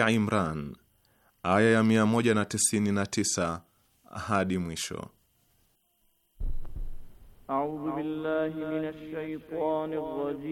Ali Imran aya ya 199 hadi mwisho. A'udhu billahi minash shaitani rrajim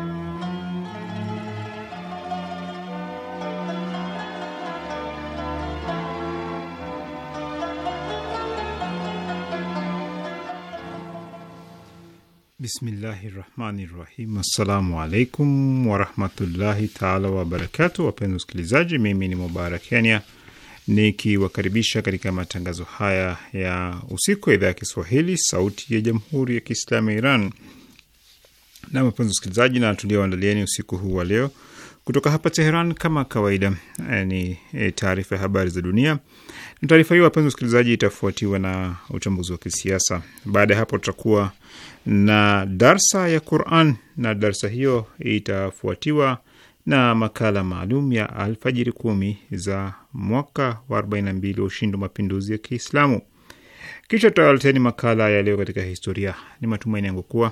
Bismillahi rahmani rahim. Assalamu alaikum warahmatullahi taala wabarakatu. Wapenzi wasikilizaji, mimi ni Mubarak Kenya nikiwakaribisha katika matangazo haya ya usiku ya idhaa ya Kiswahili sauti ya jamhuri ya Kiislamu ya Iran. Na wapenzi wasikilizaji, na tulioandalieni usiku huu wa leo kutoka hapa Teheran kama kawaida eh, ni eh, taarifa ya habari za dunia, na taarifa hiyo wapenzi wasikilizaji, itafuatiwa na uchambuzi wa kisiasa. Baada ya hapo tutakuwa na darsa ya Quran, na darsa hiyo itafuatiwa na makala maalum ya alfajiri kumi za mwaka wa 42 wa ushindi wa mapinduzi ya Kiislamu. Kisha tutawaleteni makala ya leo katika historia. Ni matumaini yangu kuwa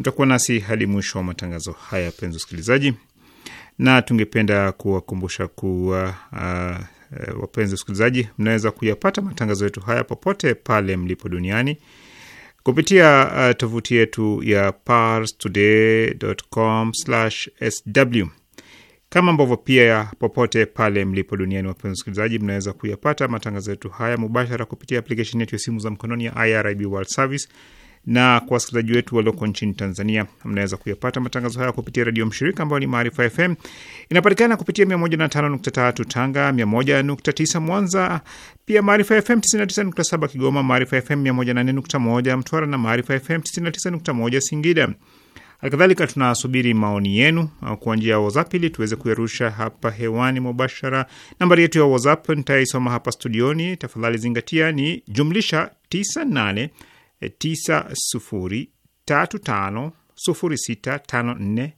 mtakuwa nasi hadi mwisho wa matangazo haya, penzi usikilizaji, na tungependa kuwakumbusha kuwa uh, wapenzi wasikilizaji, mnaweza kuyapata matangazo yetu haya popote pale mlipo duniani kupitia uh, tovuti yetu ya parstoday.com/sw kama ambavyo pia popote pale mlipo duniani, wapenzi wasikilizaji, mnaweza kuyapata matangazo yetu haya mubashara kupitia aplikesheni yetu ya simu za mkononi ya IRIB World Service na kwa wasikilizaji wetu walioko nchini Tanzania, mnaweza kuyapata matangazo haya kupitia redio mshirika ambayo ni Maarifa FM. Inapatikana kupitia 105.3 Tanga, 101.9 Mwanza, pia Maarifa FM 99.7 Kigoma, Maarifa FM 108.1 Mtwara na Maarifa FM 99.1 Singida. Alkadhalika, tunasubiri maoni yenu uh, kwa njia ya WhatsApp ili tuweze kuyarusha hapa hewani mubashara. Nambari yetu ya WhatsApp nitaisoma hapa studioni, tafadhali zingatia, ni jumlisha 98 9035065487. Eh,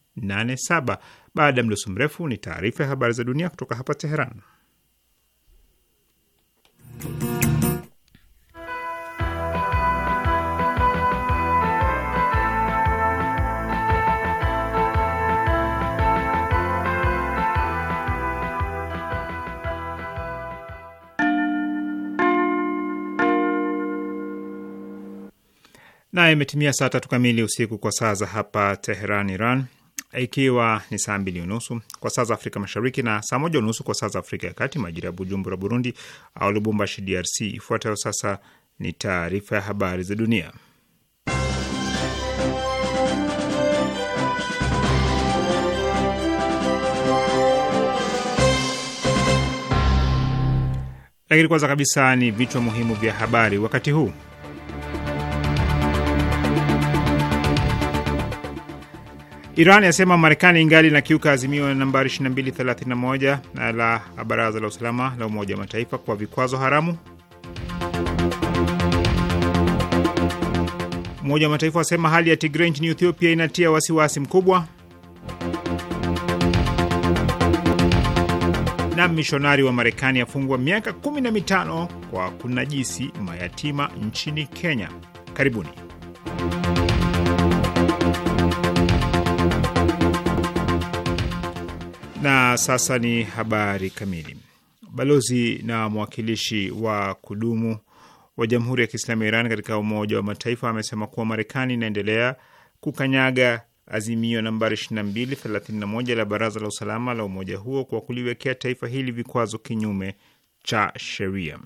Baada ya mdoso mrefu ni taarifa ya habari za dunia kutoka hapa Teheran. na imetimia saa tatu kamili usiku kwa saa za hapa Teheran, Iran, ikiwa ni saa mbili unusu kwa saa za Afrika Mashariki na saa moja unusu kwa saa za Afrika ya Kati, majira ya Bujumbura, Burundi, au Lubumbashi, DRC. Ifuatayo sasa ni taarifa ya habari za dunia, lakini kwanza kabisa ni vichwa muhimu vya habari wakati huu. Iran yasema Marekani ingali inakiuka azimio nambari 2231 la Baraza la Usalama la Umoja wa Mataifa kwa vikwazo haramu. Umoja wa Mataifa wasema hali ya tigrei nchini Ethiopia inatia wasiwasi wasi mkubwa. Na mishonari wa Marekani afungwa miaka 15 kwa kunajisi mayatima nchini Kenya. Karibuni. Na sasa ni habari kamili. Balozi na mwakilishi wa kudumu wa Jamhuri ya Kiislamu ya Iran katika Umoja wa Mataifa amesema kuwa Marekani inaendelea kukanyaga azimio nambari 2231 la Baraza la Usalama la umoja huo kwa kuliwekea taifa hili vikwazo kinyume cha sheria.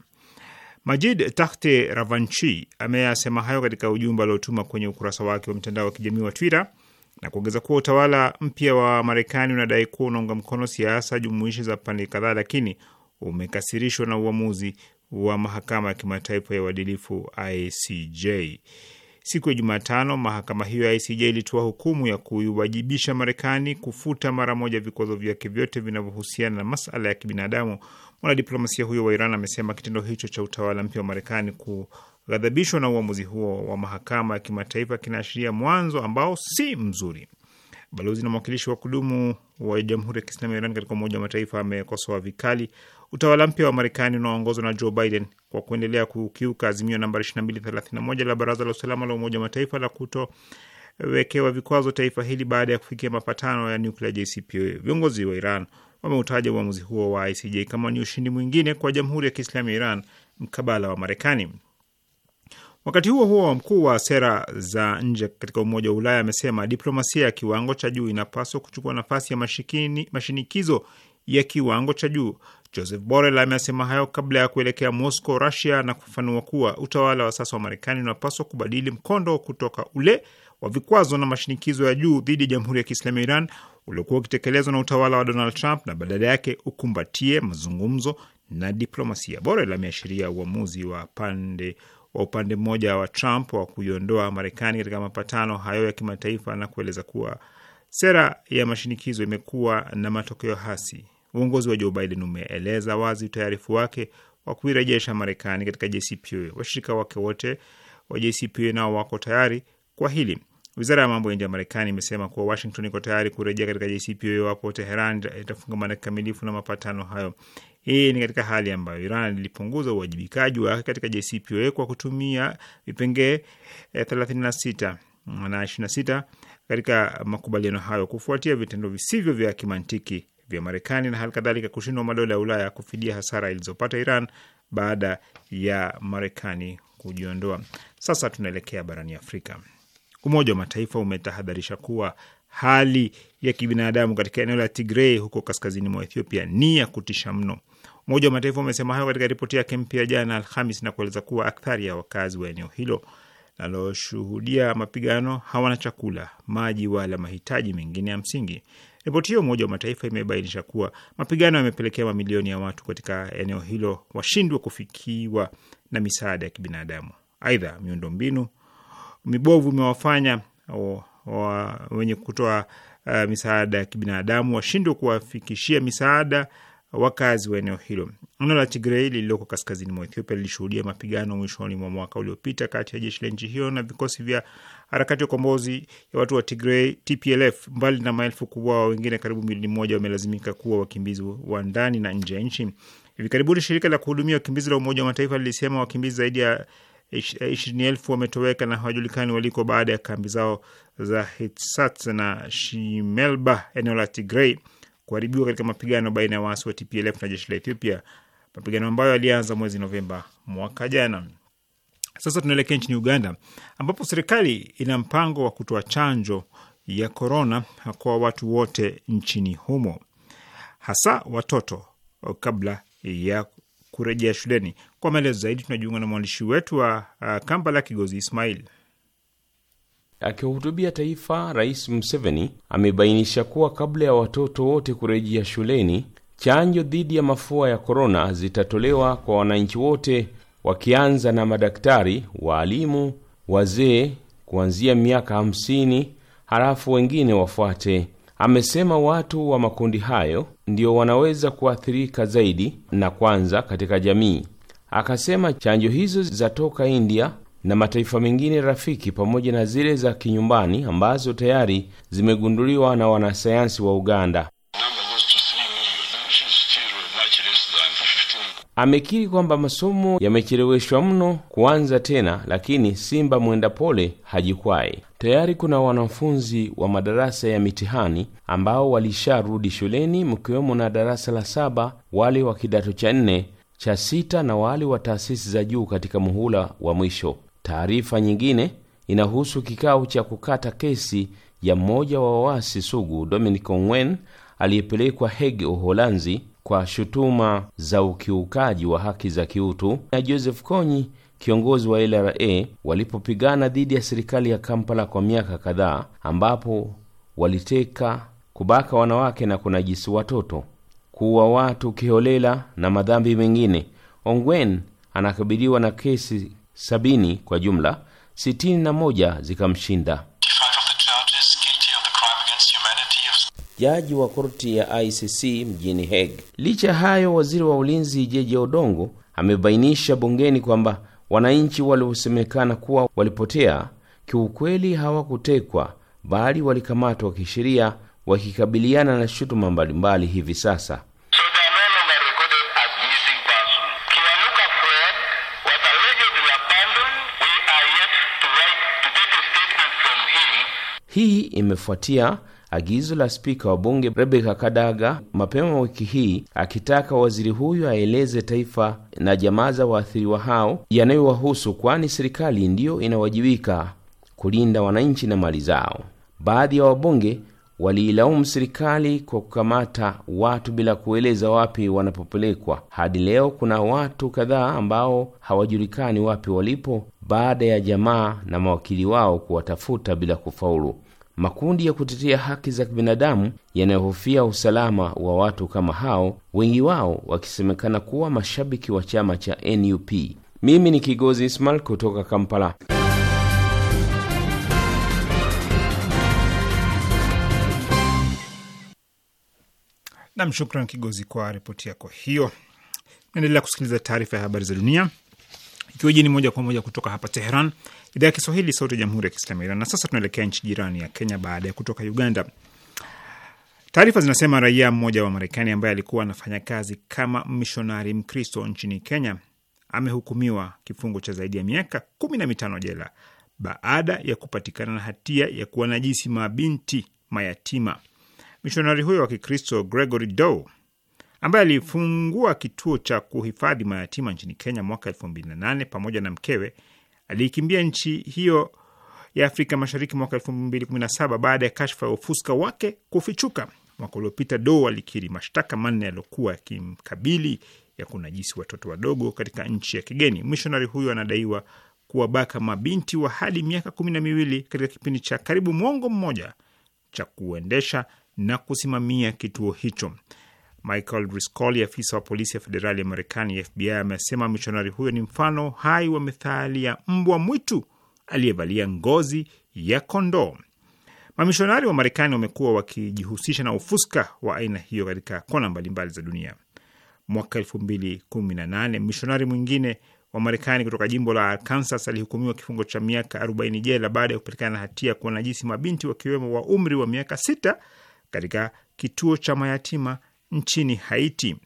Majid Tahte Ravanchi ameyasema hayo katika ujumbe aliotuma kwenye ukurasa wake wa mtandao wa kijamii wa Twitter na kuongeza kuwa utawala mpya wa Marekani unadai kuwa unaunga mkono siasa jumuishi za pande kadhaa, lakini umekasirishwa na uamuzi wa mahakama ya kimataifa ya uadilifu ICJ. Siku ya Jumatano, mahakama hiyo ya ICJ ilitoa hukumu ya kuiwajibisha Marekani kufuta mara moja vikwazo vyake vyote vinavyohusiana na masala ya kibinadamu. Mwanadiplomasia huyo wa Iran amesema kitendo hicho cha utawala mpya wa Marekani ku kughadhabishwa na uamuzi huo wa mahakama ya kimataifa kinaashiria mwanzo ambao si mzuri. Balozi na mwakilishi wa kudumu wa Jamhuri ya Kiislamu ya Iran katika Umoja wa Mataifa amekosoa vikali utawala mpya wa Marekani unaoongozwa na Joe Biden kwa kuendelea kukiuka azimio nambari 2231 la Baraza la Usalama la Umoja wa Mataifa la kutowekewa vikwazo taifa hili baada ya kufikia mapatano ya nuklia JCPOA. Viongozi wa Iran wameutaja uamuzi huo wa ICJ kama ni ushindi mwingine kwa Jamhuri ya Kiislamu ya Iran mkabala wa Marekani. Wakati huo huo, mkuu wa sera za nje katika Umoja wa Ulaya amesema diplomasia ya kiwango cha juu inapaswa kuchukua nafasi ya mashikini, mashinikizo ya kiwango cha juu. Joseph Borrell amesema hayo kabla ya kuelekea Moscow, Russia, na kufafanua kuwa utawala wa sasa wa Marekani unapaswa kubadili mkondo kutoka ule wa vikwazo na mashinikizo ya juu dhidi ya Jamhuri ya Kiislamu ya Iran uliokuwa ukitekelezwa na utawala wa Donald Trump na badala yake ukumbatie mazungumzo na diplomasia. Borrell ameashiria uamuzi wa pande wa upande mmoja wa Trump wa kuiondoa Marekani katika mapatano hayo ya kimataifa na kueleza kuwa sera ya mashinikizo imekuwa na matokeo hasi. Uongozi wa Joe Biden umeeleza wazi utayarifu wake wa kuirejesha Marekani katika JCPOA. Washirika wake wote wa JCPOA nao wako tayari kwa hili. Wizara ya mambo ya nje ya Marekani imesema kuwa Washington iko tayari kurejea katika JCPOA iwapo Teheran itafungamana kikamilifu na mapatano hayo. Hii ni katika hali ambayo Iran ilipunguza uwajibikaji wake katika JCPOA kwa kutumia vipengee eh, 36 na 26 katika makubaliano hayo kufuatia vitendo visivyo vya kimantiki vya Marekani na hali kadhalika kushindwa madola ya Ulaya kufidia hasara ilizopata Iran baada ya Marekani kujiondoa. Sasa tunaelekea barani Afrika. Umoja wa Mataifa umetahadharisha kuwa hali ya kibinadamu katika eneo la Tigrei huko kaskazini mwa Ethiopia ni ya kutisha mno. Umoja wa Mataifa umesema hayo katika ripoti yake mpya jana Alhamis na kueleza kuwa akthari ya wakazi wa eneo hilo linaloshuhudia mapigano hawana chakula, maji wala mahitaji mengine ya msingi. Ripoti hiyo Umoja wa Mataifa imebainisha kuwa mapigano yamepelekea mamilioni ya watu katika eneo hilo washindwe kufikiwa na misaada ya kibinadamu. Aidha, miundombinu mibovu umewafanya wenye kutoa uh, misaada ya kibinadamu washindwe kuwafikishia misaada wakazi wa eneo hilo. Eneo la Tigrei lililoko kaskazini mwa Ethiopia lilishuhudia mapigano mwishoni mwa mwaka uliopita kati ya jeshi la nchi hiyo na vikosi vya harakati ya ukombozi ya watu wa Tigrei, TPLF. Mbali na maelfu kubwa wengine karibu milioni moja wamelazimika kuwa wakimbizi wa ndani na nje ya nchi. Hivi karibuni shirika la kuhudumia wakimbizi la Umoja wa Mataifa lilisema wakimbizi zaidi ya ishirini elfu wametoweka na hawajulikani waliko baada ya kambi zao za Hitsats na Shimelba eneo la Tigrei kuharibiwa katika mapigano baina ya waasi wa TPLF na jeshi la Ethiopia, mapigano ambayo yalianza mwezi Novemba mwaka jana. Sasa tunaelekea nchini Uganda ambapo serikali ina mpango wa kutoa chanjo ya korona kwa watu wote nchini humo, hasa watoto kabla ya kurejea shuleni. Kwa maelezo zaidi tunajiunga na mwandishi wetu wa uh, Kampala, Kigozi Ismail. Akiwahutubia taifa, Rais Museveni amebainisha kuwa kabla ya watoto wote kurejea shuleni, chanjo dhidi ya mafua ya korona zitatolewa kwa wananchi wote, wakianza na madaktari, waalimu, wazee kuanzia miaka hamsini, halafu wengine wafuate. Amesema watu wa makundi hayo ndio wanaweza kuathirika zaidi na kwanza katika jamii. Akasema chanjo hizo zatoka India na mataifa mengine rafiki pamoja na zile za kinyumbani ambazo tayari zimegunduliwa na wanasayansi wa Uganda. Amekiri kwamba masomo yamecheleweshwa mno kuanza tena, lakini simba mwenda pole hajikwai. Tayari kuna wanafunzi wa madarasa ya mitihani ambao walisharudi shuleni, mkiwemo na darasa la saba, wale wa kidato cha nne cha sita na wale wa taasisi za juu katika muhula wa mwisho. Taarifa nyingine inahusu kikao cha kukata kesi ya mmoja wa wawasi sugu Dominic Ongwen aliyepelekwa Hague, Uholanzi, kwa shutuma za ukiukaji wa haki za kiutu na Joseph Konyi, kiongozi wa LRA, walipopigana dhidi ya serikali ya Kampala kwa miaka kadhaa, ambapo waliteka, kubaka wanawake na kunajisi watoto kuua watu kiholela na madhambi mengine. Ongwen anakabiliwa na kesi sabini kwa jumla, sitini na moja zikamshinda. Jaji wa korti ya ICC mjini Hague. Licha ya hayo, waziri wa ulinzi Jeje Odongo amebainisha bungeni kwamba wananchi waliosemekana kuwa walipotea kiukweli hawakutekwa, bali walikamatwa kisheria wakikabiliana na shutuma mbalimbali hivi sasa. Hii imefuatia agizo la spika wa bunge rebeka Kadaga mapema wiki hii akitaka waziri huyo aeleze taifa na jamaa za waathiriwa hao yanayowahusu, kwani serikali ndiyo inawajibika kulinda wananchi na mali zao. Baadhi ya wabunge waliilaumu serikali kwa kukamata watu bila kueleza wapi wanapopelekwa. Hadi leo kuna watu kadhaa ambao hawajulikani wapi walipo baada ya jamaa na mawakili wao kuwatafuta bila kufaulu. Makundi ya kutetea haki za kibinadamu yanayohofia usalama wa watu kama hao, wengi wao wakisemekana kuwa mashabiki wa chama cha NUP. Mimi ni Kigozi Ismail kutoka Kampala. Nam, shukran Kigozi kwa ripoti yako hiyo. Naendelea kusikiliza taarifa ya habari za dunia ikiwa jini moja kwa moja kutoka hapa Teheran, idhaa ya Kiswahili, sauti ya jamhuri ya kiislamu ya Iran. Na sasa tunaelekea nchi jirani ya Kenya baada ya kutoka Uganda. Taarifa zinasema raia mmoja wa Marekani ambaye alikuwa anafanya kazi kama mishonari Mkristo nchini Kenya amehukumiwa kifungo cha zaidi ya miaka kumi na mitano jela baada ya kupatikana na hatia ya kuwanajisi mabinti mayatima. Mishonari huyo wa Kikristo Gregory Doe ambaye alifungua kituo cha kuhifadhi mayatima nchini Kenya mwaka elfu mbili na nane pamoja na mkewe aliikimbia nchi hiyo ya Afrika Mashariki mwaka elfu mbili kumi na saba baada ya kashfa ya ufuska wake kufichuka. Mwaka uliopita Doe alikiri mashtaka manne yaliokuwa yakimkabili ya kunajisi watoto wadogo katika nchi ya kigeni. Mishonari huyo anadaiwa kuwabaka mabinti wa hadi miaka kumi na miwili katika kipindi cha karibu mwongo mmoja cha kuendesha na kusimamia kituo hicho. Michael Riscoli, afisa wa polisi ya federali ya Marekani, FBI, amesema mishonari huyo ni mfano hai wa mithali ya mbwa mwitu aliyevalia ngozi ya kondoo. Mamishonari wa Marekani wamekuwa wakijihusisha na ufuska wa aina hiyo katika kona mbalimbali za dunia. Mwaka elfu mbili kumi na nane mishonari mwingine wa Marekani kutoka jimbo la Arkansas alihukumiwa kifungo cha miaka 40 jela baada ya kupatikana na hatia kuwanajisi mabinti wakiwemo wa umri wa miaka sita katika kituo cha mayatima nchini Haiti.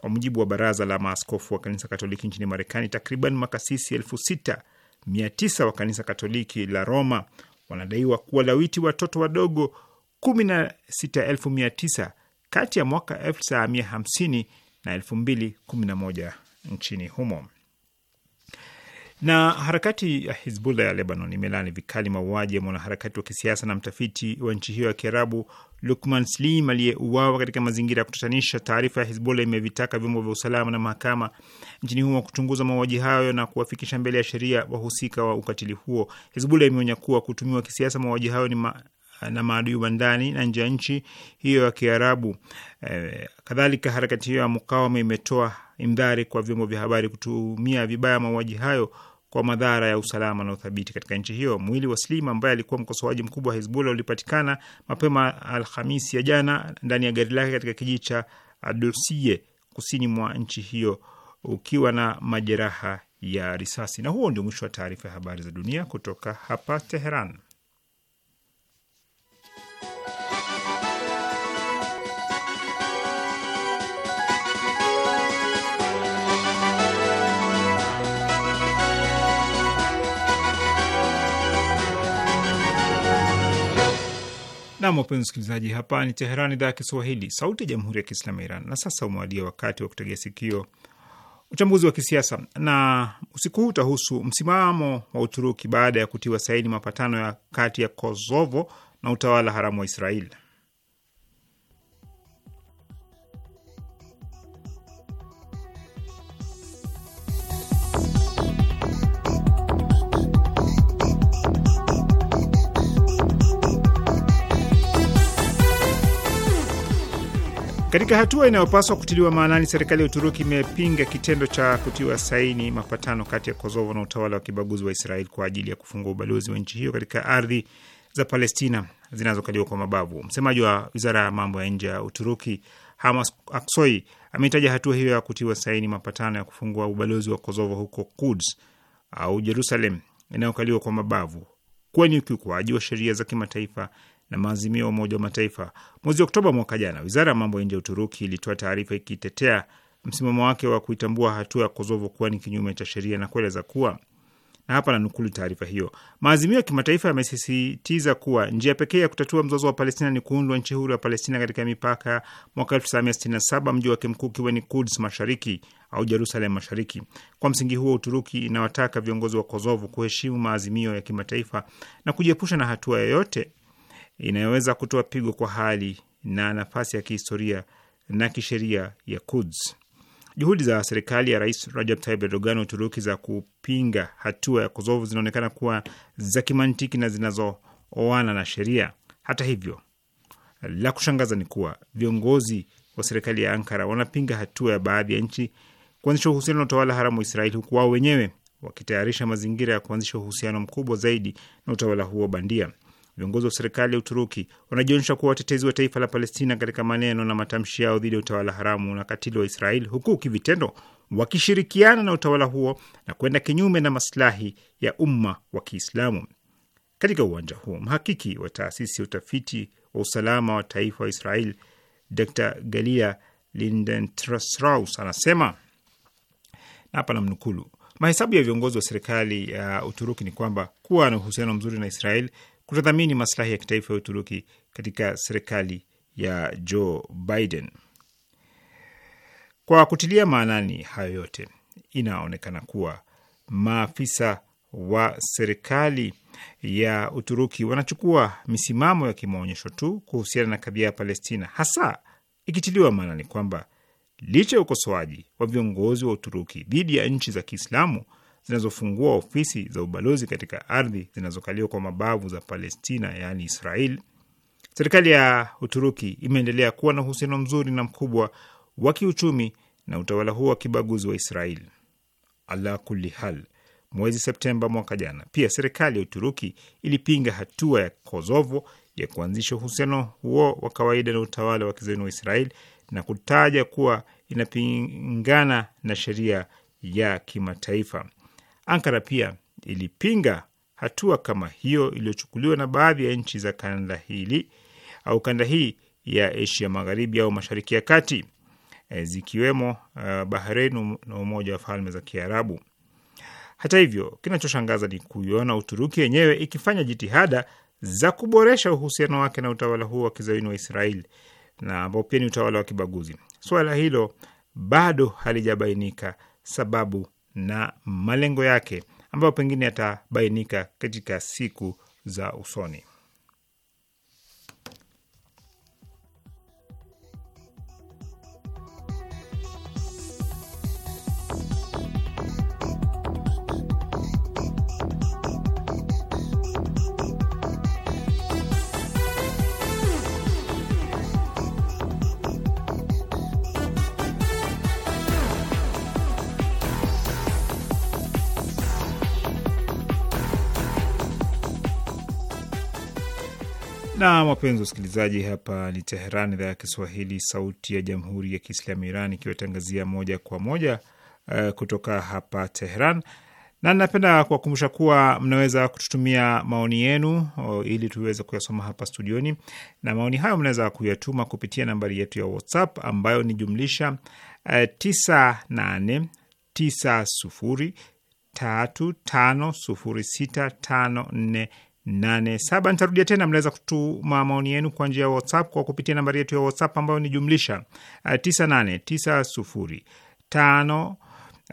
Kwa mujibu wa baraza la maaskofu wa kanisa Katoliki nchini Marekani, takriban makasisi elfu sita mia tisa wa kanisa Katoliki la Roma wanadaiwa kuwa lawiti watoto wadogo kumi na sita elfu mia tisa kati ya mwaka 1950 na 211 nchini humo. Na harakati ya Hizbullah ya Lebanon imelani vikali mauaji ya mwanaharakati wa kisiasa na mtafiti wa nchi hiyo ya Kiarabu Lukman Slim aliyeuawa katika mazingira ya kutatanisha. Taarifa ya Hizbullah imevitaka vyombo vya usalama na mahakama nchini humo kuchunguza mauaji hayo na kuwafikisha mbele ya sheria wahusika wa ukatili huo. Hizbullah imeonya kuwa kutumiwa kisiasa mauaji hayo ni ma na maadui wa ndani na nje ya nchi hiyo ya Kiarabu. E, kadhalika harakati hiyo ya mukawama imetoa imdhari kwa vyombo vya habari kutumia vibaya mauaji hayo kwa madhara ya usalama na uthabiti katika nchi hiyo. Mwili wa Slim ambaye alikuwa mkosoaji mkubwa wa Hizbullah ulipatikana mapema Alhamisi ya jana ndani ya gari lake katika kijiji cha Adosie kusini mwa nchi hiyo ukiwa na majeraha ya risasi. Na huo ndio mwisho wa taarifa ya habari za dunia kutoka hapa Teheran. Nam, wapenzi msikilizaji, hapa ni Teherani, idhaa ya Kiswahili, sauti ya jamhuri ya kiislamu ya Iran. Na sasa umewadia wakati wa kutegea sikio uchambuzi wa kisiasa, na usiku huu utahusu msimamo wa Uturuki baada ya kutiwa saini mapatano ya kati ya Kosovo na utawala haramu wa Israeli. Katika hatua inayopaswa kutiliwa maanani, serikali ya Uturuki imepinga kitendo cha kutiwa saini mapatano kati ya Kosovo na utawala wa kibaguzi wa Israel kwa ajili ya kufungua ubalozi wa nchi hiyo katika ardhi za Palestina zinazokaliwa kwa mabavu. Msemaji wa wizara ya mambo ya nje ya Uturuki Hamas Aksoi ameitaja hatua hiyo ya kutiwa saini mapatano ya kufungua ubalozi wa Kosovo huko Kuds au Jerusalem inayokaliwa kwa mabavu kuwa ni ukiukwaji wa sheria za kimataifa na maazimio ya Umoja wa Mataifa. Mwezi Oktoba mwaka jana, wizara ya mambo ya nje ya Uturuki ilitoa taarifa ikitetea msimamo wake wa kuitambua hatua ya Kosovo kuwa ni kinyume cha sheria na kueleza kuwa na hapa nanukulu taarifa hiyo, maazimio ya kimataifa yamesisitiza kuwa njia pekee ya kutatua mzozo wa Palestina ni kuundwa nchi huru ya Palestina katika mipaka mwaka 1967 mji wake mkuu ukiwa ni Kuds mashariki au Jerusalem mashariki. Kwa msingi huo, Uturuki inawataka viongozi wa Kosovo kuheshimu maazimio ya kimataifa na kujiepusha na hatua yoyote inayoweza kutoa pigo kwa hali na nafasi ya kihistoria na kisheria ya Kuds. Juhudi za serikali ya Rais Rajab Tayyip Erdogan wa Uturuki za kupinga hatua ya Kosovo zinaonekana kuwa za kimantiki na zinazooana na sheria. Hata hivyo, la kushangaza ni kuwa viongozi wa serikali ya Ankara wanapinga hatua ya baadhi ya nchi kuanzisha uhusiano na utawala haramu wa Israeli, huku wao wenyewe wakitayarisha mazingira ya kuanzisha uhusiano mkubwa zaidi na utawala huo bandia. Viongozi wa serikali ya Uturuki wanajionyesha kuwa watetezi wa taifa la Palestina katika maneno na matamshi yao dhidi ya utawala haramu na katili wa Israeli, huku kivitendo wakishirikiana na utawala huo na kwenda kinyume na masilahi ya umma wa Kiislamu. Katika uwanja huo, mhakiki wa taasisi ya utafiti wa usalama wa taifa wa Israel Dr Galia Lindenstraus anasema, na hapa namnukulu, mahesabu ya viongozi wa serikali ya Uturuki ni kwamba kuwa na uhusiano mzuri na Israel kutadhamini maslahi ya kitaifa ya Uturuki katika serikali ya Joe Biden. Kwa kutilia maanani hayo yote, inaonekana kuwa maafisa wa serikali ya Uturuki wanachukua misimamo ya kimaonyesho tu kuhusiana na kadhia ya Palestina, hasa ikitiliwa maanani kwamba licha ya ukosoaji wa viongozi wa Uturuki dhidi ya nchi za Kiislamu zinazofungua ofisi za ubalozi katika ardhi zinazokaliwa kwa mabavu za Palestina, yaani Israel, serikali ya Uturuki imeendelea kuwa na uhusiano mzuri na mkubwa wa kiuchumi na utawala huo wa kibaguzi wa Israel. Ala kulli hal, mwezi Septemba mwaka jana, pia serikali ya Uturuki ilipinga hatua ya Kosovo ya kuanzisha uhusiano huo wa kawaida na utawala wa kizayuni wa Israel na kutaja kuwa inapingana na sheria ya kimataifa. Ankara pia ilipinga hatua kama hiyo iliyochukuliwa na baadhi ya nchi za kanda hili au kanda hii ya Asia Magharibi au Mashariki ya Kati e, zikiwemo uh, e, Bahrein na Umoja wa Falme za Kiarabu. Hata hivyo, kinachoshangaza ni kuiona Uturuki yenyewe ikifanya jitihada za kuboresha uhusiano wake na utawala huo wa kizayuni wa Israeli na ambao pia ni utawala wa kibaguzi. Suala hilo bado halijabainika sababu na malengo yake ambayo pengine yatabainika katika siku za usoni. Na wapenzi wasikilizaji, hapa ni Teheran, idhaa ya Kiswahili, sauti ya jamhuri ya kiislamu Iran, ikiwatangazia moja kwa moja uh, kutoka hapa Teheran, na napenda kuwakumbusha kuwa mnaweza kututumia maoni yenu ili tuweze kuyasoma hapa studioni, na maoni hayo mnaweza kuyatuma kupitia nambari yetu ya WhatsApp ambayo ni jumlisha uh, 98 90 35 87. Nitarudia tena, mnaweza kutuma maoni yenu kwa njia ya WhatsApp kwa kupitia nambari yetu ya WhatsApp ambayo ni jumlisha 9890 eh,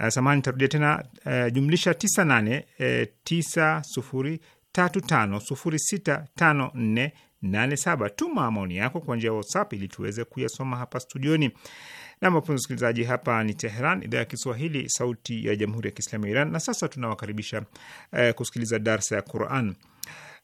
eh, samani. Nitarudia tena uh, jumlisha 989035065487. Tuma maoni yako kwa njia ya WhatsApp ili tuweze kuyasoma hapa studioni. Na mapenzi msikilizaji, hapa ni Teheran, idhaa ya Kiswahili, sauti ya jamhuri ya kiislamu ya Iran. Na sasa tunawakaribisha eh, kusikiliza darsa ya Quran.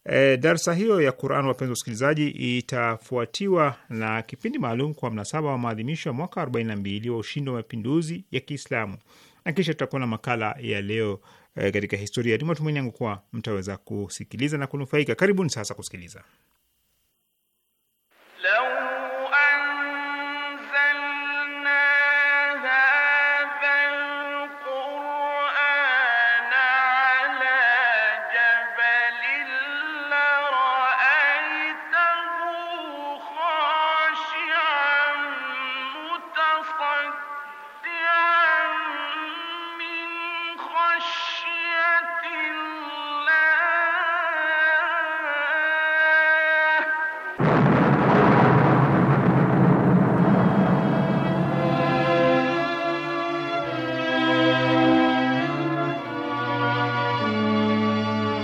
E, darsa hiyo ya Quran, wapenzi wasikilizaji, itafuatiwa na kipindi maalum kwa mnasaba wa maadhimisho ya mwaka 42 wa ushindi wa mapinduzi ya Kiislamu, na kisha tutakuwa na makala ya leo e, katika historia. Ni matumaini yangu kuwa mtaweza kusikiliza na kunufaika. Karibuni sasa kusikiliza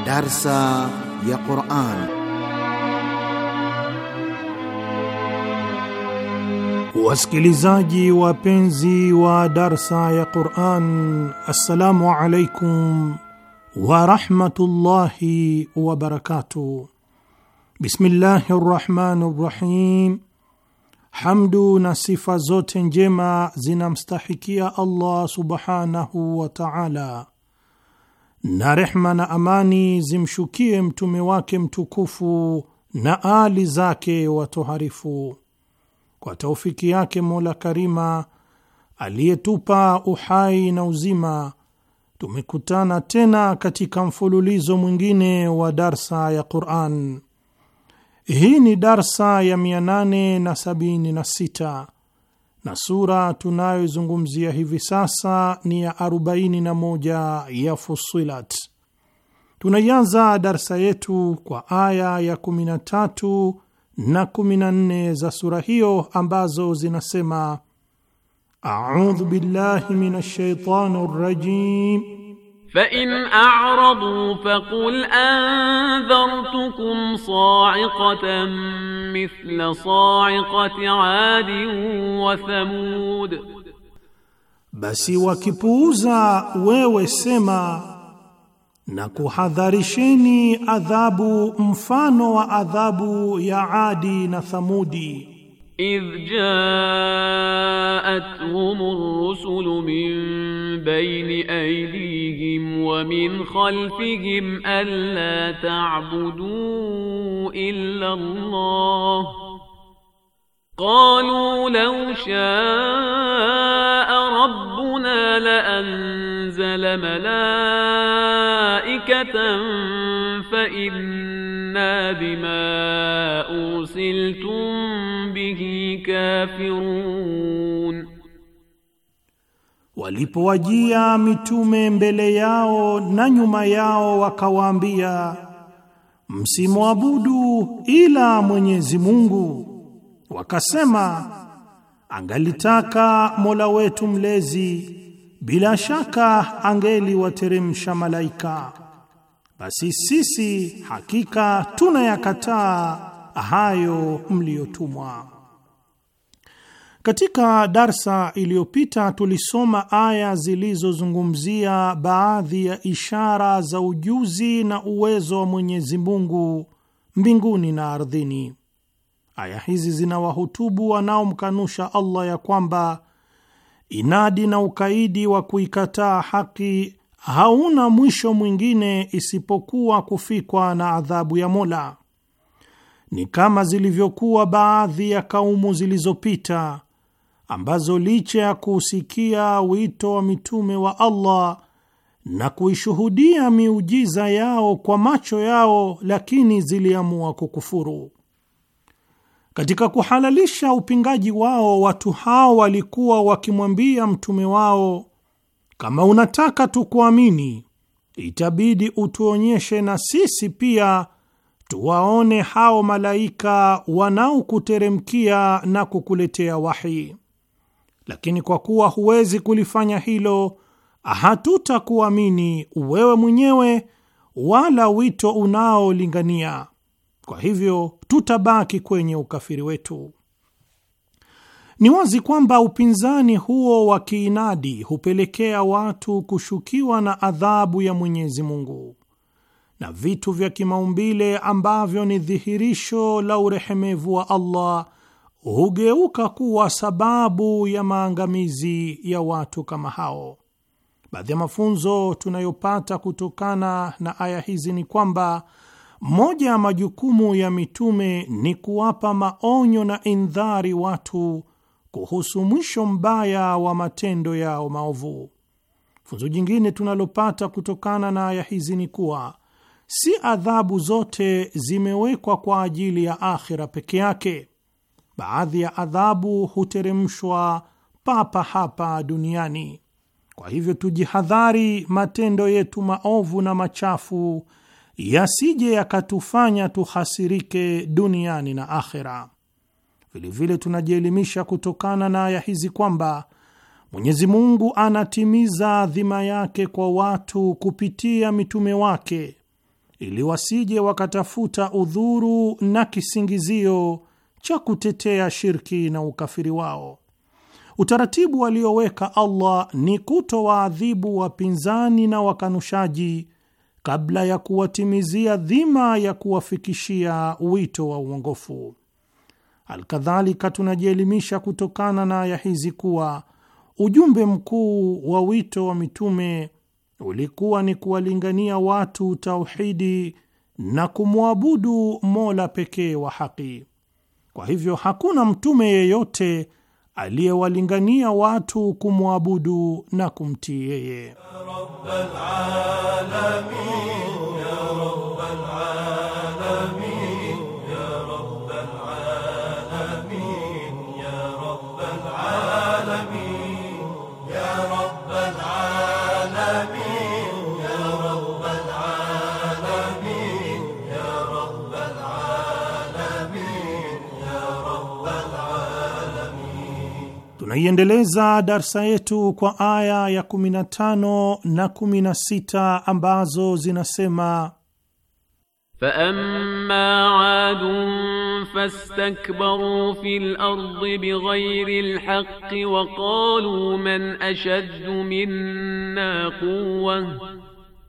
درس يا قرآن Wasikilizaji wapenzi wa darsa ya Quran, assalamu alaikum warahmatullahi wabarakatuh. Bismillahi rahmani rahim. Hamdu na sifa zote njema zinamstahikia Allah subhanahu wa taala, na rehma na amani zimshukie mtume wake mtukufu na ali zake watoharifu. Kwa taufiki yake Mola Karima aliyetupa uhai na uzima, tumekutana tena katika mfululizo mwingine wa darsa ya Quran. Hii ni darsa ya 876 na, na sura tunayozungumzia hivi sasa ni ya 41 ya Fusilat. Tunaianza darsa yetu kwa aya ya 13 na 14 za sura hiyo ambazo zinasema: audhu billahi minash shaitani rajim فإن أعرضوا فقل أنذرتكم صاعقة مثل صاعقة عاد وثمود basi wakipuuza wewe sema na kuhadharisheni adhabu mfano wa adhabu ya Adi na Thamudi إذ جاءتهم الرسل من بين أيديهم ومن خلفهم ألا تعبدوا إلا الله قالوا لو شاء ربنا لأنزل ملائكة فإنا بما أرسلتم به كافرون Walipowajia mitume mbele yao na nyuma yao, wakawaambia msimwabudu ila Mwenyezi Mungu. Wakasema, angalitaka Mola wetu mlezi, bila shaka angeliwateremsha malaika. Basi sisi hakika tunayakataa hayo mliyotumwa. Katika darsa iliyopita tulisoma aya zilizozungumzia baadhi ya ishara za ujuzi na uwezo wa Mwenyezi Mungu mbinguni na ardhini. Aya hizi zinawahutubu wanaomkanusha Allah ya kwamba inadi na ukaidi wa kuikataa haki hauna mwisho mwingine isipokuwa kufikwa na adhabu ya Mola, ni kama zilivyokuwa baadhi ya kaumu zilizopita ambazo licha ya kuusikia wito wa mitume wa Allah na kuishuhudia miujiza yao kwa macho yao, lakini ziliamua kukufuru. Katika kuhalalisha upingaji wao, watu hao walikuwa wakimwambia mtume wao, kama unataka tukuamini, itabidi utuonyeshe na sisi pia tuwaone hao malaika wanaokuteremkia na kukuletea wahi lakini kwa kuwa huwezi kulifanya hilo, hatutakuamini wewe mwenyewe wala wito unaolingania. Kwa hivyo tutabaki kwenye ukafiri wetu. Ni wazi kwamba upinzani huo wa kiinadi hupelekea watu kushukiwa na adhabu ya Mwenyezi Mungu, na vitu vya kimaumbile ambavyo ni dhihirisho la urehemevu wa Allah hugeuka kuwa sababu ya maangamizi ya watu kama hao. Baadhi ya mafunzo tunayopata kutokana na aya hizi ni kwamba moja ya majukumu ya mitume ni kuwapa maonyo na indhari watu kuhusu mwisho mbaya wa matendo yao maovu. Funzo jingine tunalopata kutokana na aya hizi ni kuwa si adhabu zote zimewekwa kwa ajili ya akhira peke yake, baadhi ya adhabu huteremshwa papa hapa duniani. Kwa hivyo tujihadhari, matendo yetu maovu na machafu yasije yakatufanya tuhasirike duniani na akhera. Vilevile tunajielimisha kutokana na aya hizi kwamba Mwenyezi Mungu anatimiza dhima yake kwa watu kupitia mitume wake ili wasije wakatafuta udhuru na kisingizio cha kutetea shirki na ukafiri wao. Utaratibu walioweka Allah ni kutowaadhibu wapinzani na wakanushaji kabla ya kuwatimizia dhima ya kuwafikishia wito wa uongofu. Alkadhalika, tunajielimisha kutokana na aya hizi kuwa ujumbe mkuu wa wito wa mitume ulikuwa ni kuwalingania watu tauhidi na kumwabudu Mola pekee wa haki. Kwa hivyo hakuna mtume yeyote aliyewalingania watu kumwabudu na kumtii yeye Rabbal alamin Tunaiendeleza darsa yetu kwa aya ya 15 na 16 ambazo zinasema: faamma adun fastakbaru fil ardi bighayri alhaqqi wa qalu man ashaddu minna quwwa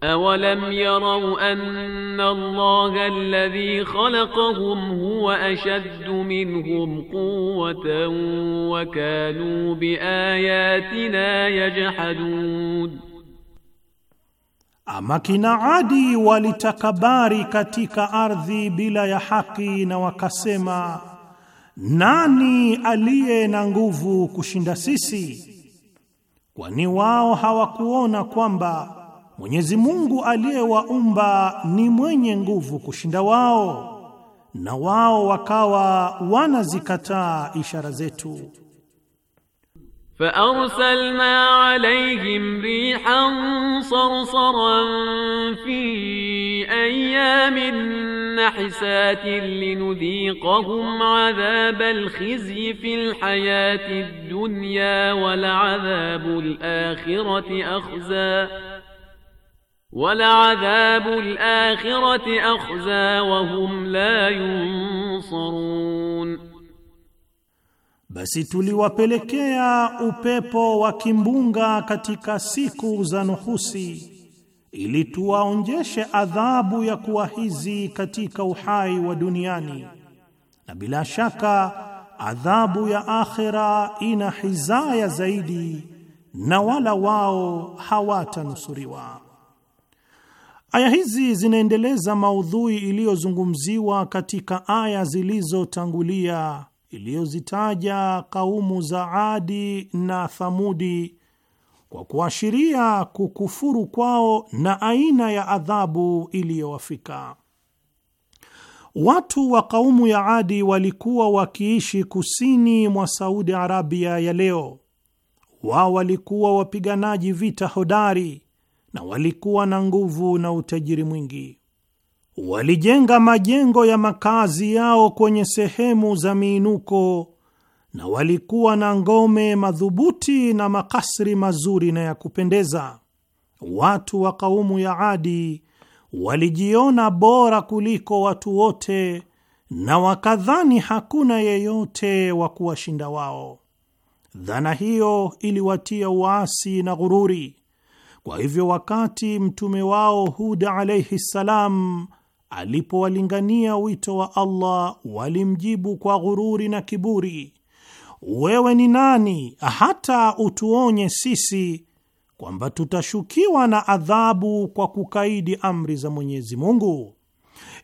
أولم يروا أن الله الذي خلقهم هو أشد منهم قوة وكانوا بآياتنا يجحدون Ama kina Adi walitakabari katika ardhi bila ya haki, na wakasema, nani aliye na nguvu kushinda sisi? Kwani wao hawakuona kwamba Mwenyezi Mungu aliyewaumba ni mwenye nguvu kushinda wao, na wao wakawa wanazikataa ishara zetu. Fa arsalna alayhim rihan sarsaran fi ayamin nahisatin linudhiqahum adhabal khizyi fil hayatid dunya wal adhabul akhirati akhza Wal'adhabu al-akhirati akhza wa la yunsarun, basi tuliwapelekea upepo wa kimbunga katika siku za nuhusi ili tuwaonjeshe adhabu ya kuwa hizi katika uhai wa duniani, na bila shaka adhabu ya akhira ina hizaya zaidi, na wala wao hawatanusuriwa. Aya hizi zinaendeleza maudhui iliyozungumziwa katika aya zilizotangulia iliyozitaja kaumu za Adi na Thamudi kwa kuashiria kukufuru kwao na aina ya adhabu iliyowafika. Watu wa kaumu ya Adi walikuwa wakiishi kusini mwa Saudi Arabia ya leo. Wao walikuwa wapiganaji vita hodari na walikuwa na nguvu na utajiri mwingi. Walijenga majengo ya makazi yao kwenye sehemu za miinuko na walikuwa na ngome madhubuti na makasri mazuri na ya kupendeza. Watu wa kaumu ya Adi walijiona bora kuliko watu wote na wakadhani hakuna yeyote wa kuwashinda wao. Dhana hiyo iliwatia uasi na ghururi, kwa hivyo wakati mtume wao Huda alaihi ssalam alipowalingania wito wa Allah walimjibu kwa ghururi na kiburi, wewe ni nani hata utuonye sisi kwamba tutashukiwa na adhabu kwa kukaidi amri za Mwenyezi Mungu?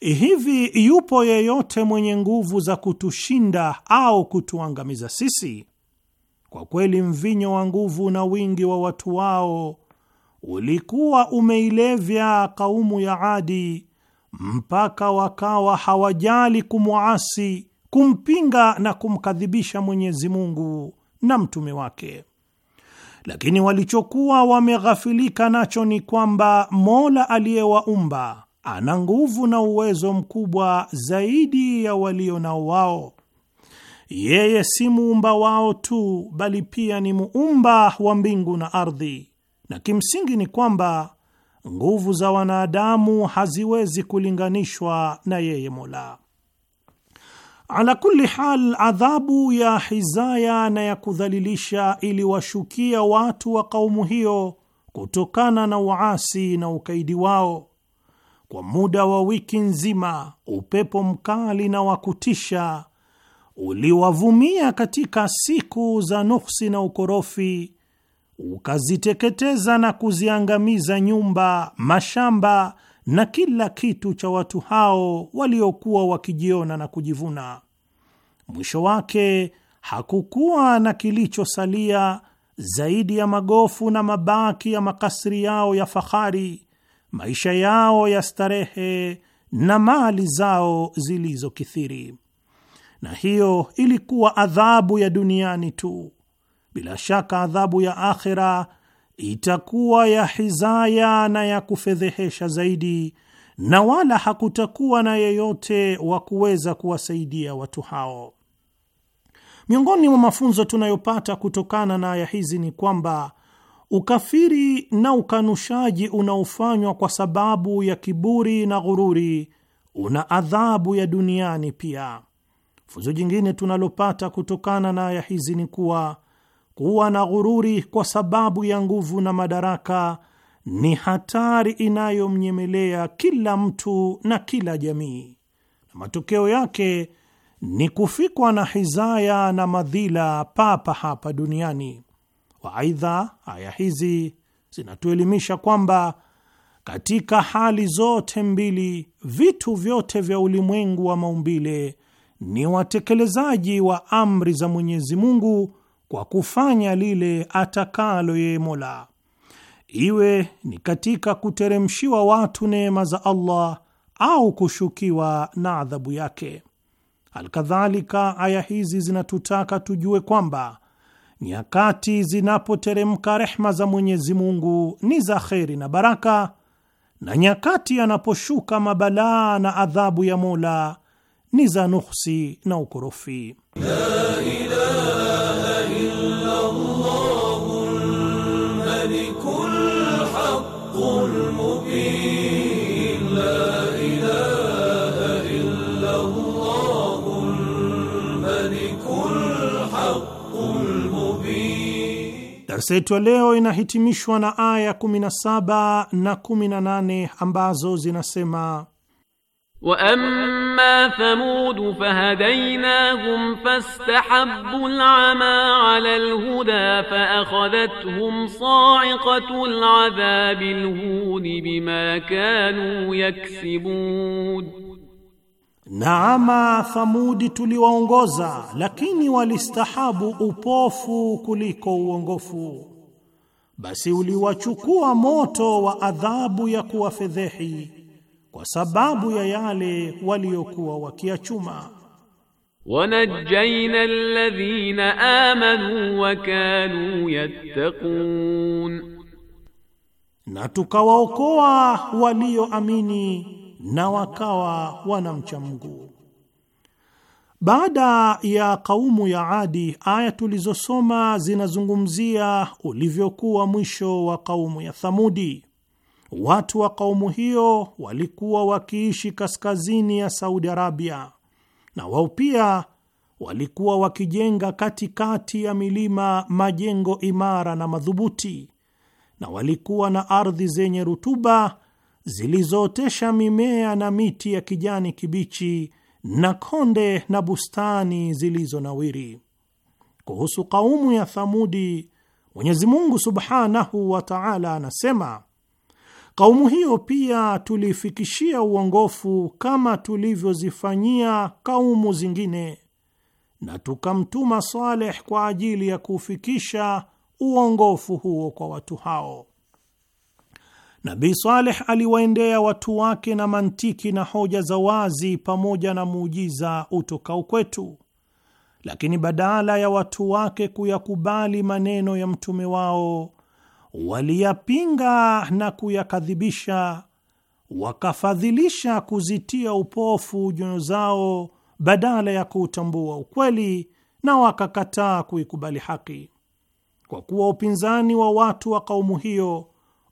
Hivi yupo yeyote mwenye nguvu za kutushinda au kutuangamiza sisi? Kwa kweli mvinyo wa nguvu na wingi wa watu wao ulikuwa umeilevya kaumu ya Adi mpaka wakawa hawajali kumwasi, kumpinga na kumkadhibisha Mwenyezi Mungu na mtume wake. Lakini walichokuwa wameghafilika nacho ni kwamba Mola aliyewaumba ana nguvu na uwezo mkubwa zaidi ya walio nao wao. Yeye si muumba wao tu, bali pia ni muumba wa mbingu na ardhi na kimsingi ni kwamba nguvu za wanadamu haziwezi kulinganishwa na yeye Mola. Ala kulli hal, adhabu ya hizaya na ya kudhalilisha iliwashukia watu wa kaumu hiyo kutokana na uasi na ukaidi wao. Kwa muda wa wiki nzima, upepo mkali na wa kutisha uliwavumia katika siku za nuksi na ukorofi ukaziteketeza na kuziangamiza nyumba, mashamba na kila kitu cha watu hao waliokuwa wakijiona na kujivuna. Mwisho wake hakukuwa na kilichosalia zaidi ya magofu na mabaki ya makasri yao ya fahari, maisha yao ya starehe na mali zao zilizokithiri. Na hiyo ilikuwa adhabu ya duniani tu, bila shaka adhabu ya akhira itakuwa ya hizaya na ya kufedhehesha zaidi, na wala hakutakuwa na yeyote wa kuweza kuwasaidia watu hao. Miongoni mwa mafunzo tunayopata kutokana na aya hizi ni kwamba ukafiri na ukanushaji unaofanywa kwa sababu ya kiburi na ghururi una adhabu ya duniani pia. Funzo jingine tunalopata kutokana na aya hizi ni kuwa kuwa na ghururi kwa sababu ya nguvu na madaraka ni hatari inayomnyemelea kila mtu na kila jamii, na matokeo yake ni kufikwa na hizaya na madhila papa hapa duniani. Waaidha, aya hizi zinatuelimisha kwamba katika hali zote mbili, vitu vyote vya ulimwengu wa maumbile ni watekelezaji wa amri za Mwenyezi Mungu kwa kufanya lile atakalo yeye Mola, iwe ni katika kuteremshiwa watu neema za Allah au kushukiwa na adhabu yake. Alkadhalika, aya hizi zinatutaka tujue kwamba nyakati zinapoteremka rehma za Mwenyezi Mungu ni za kheri na baraka, na nyakati yanaposhuka mabalaa na adhabu ya Mola ni za nuksi na ukorofi La ilaha Darsa yetu ya leo inahitimishwa na aya 17 na 18 ambazo zinasema واما ثمود فهديناهم فاستحبوا العمى على الهدى فاخذتهم صاعقه العذاب الهون بما كانوا يكسبون Na ama Thamudi tuliwaongoza, lakini walistahabu upofu kuliko uongofu, basi uliwachukua moto wa adhabu ya kuwafedhehi kwa sababu ya yale waliokuwa wakiachuma. Wanajaina alladhina amanu wa kanu yattaqun, na tukawaokoa walioamini na wakawa wanamcha Mungu. Baada ya kaumu ya Adi, aya tulizosoma zinazungumzia ulivyokuwa mwisho wa kaumu ya Thamudi. Watu wa kaumu hiyo walikuwa wakiishi kaskazini ya Saudi Arabia, na wao pia walikuwa wakijenga katikati ya milima majengo imara na madhubuti, na walikuwa na ardhi zenye rutuba zilizootesha mimea na miti ya kijani kibichi na konde na bustani zilizonawiri. Kuhusu kaumu ya Thamudi, Mwenyezi Mungu subhanahu wa taala anasema, kaumu hiyo pia tuliifikishia uongofu kama tulivyozifanyia kaumu zingine, na tukamtuma Saleh kwa ajili ya kuufikisha uongofu huo kwa watu hao. Nabii Saleh aliwaendea watu wake na mantiki na hoja za wazi pamoja na muujiza utokao kwetu, lakini badala ya watu wake kuyakubali maneno ya mtume wao waliyapinga na kuyakadhibisha, wakafadhilisha kuzitia upofu nyoyo zao badala ya kuutambua ukweli, na wakakataa kuikubali haki. Kwa kuwa upinzani wa watu wa kaumu hiyo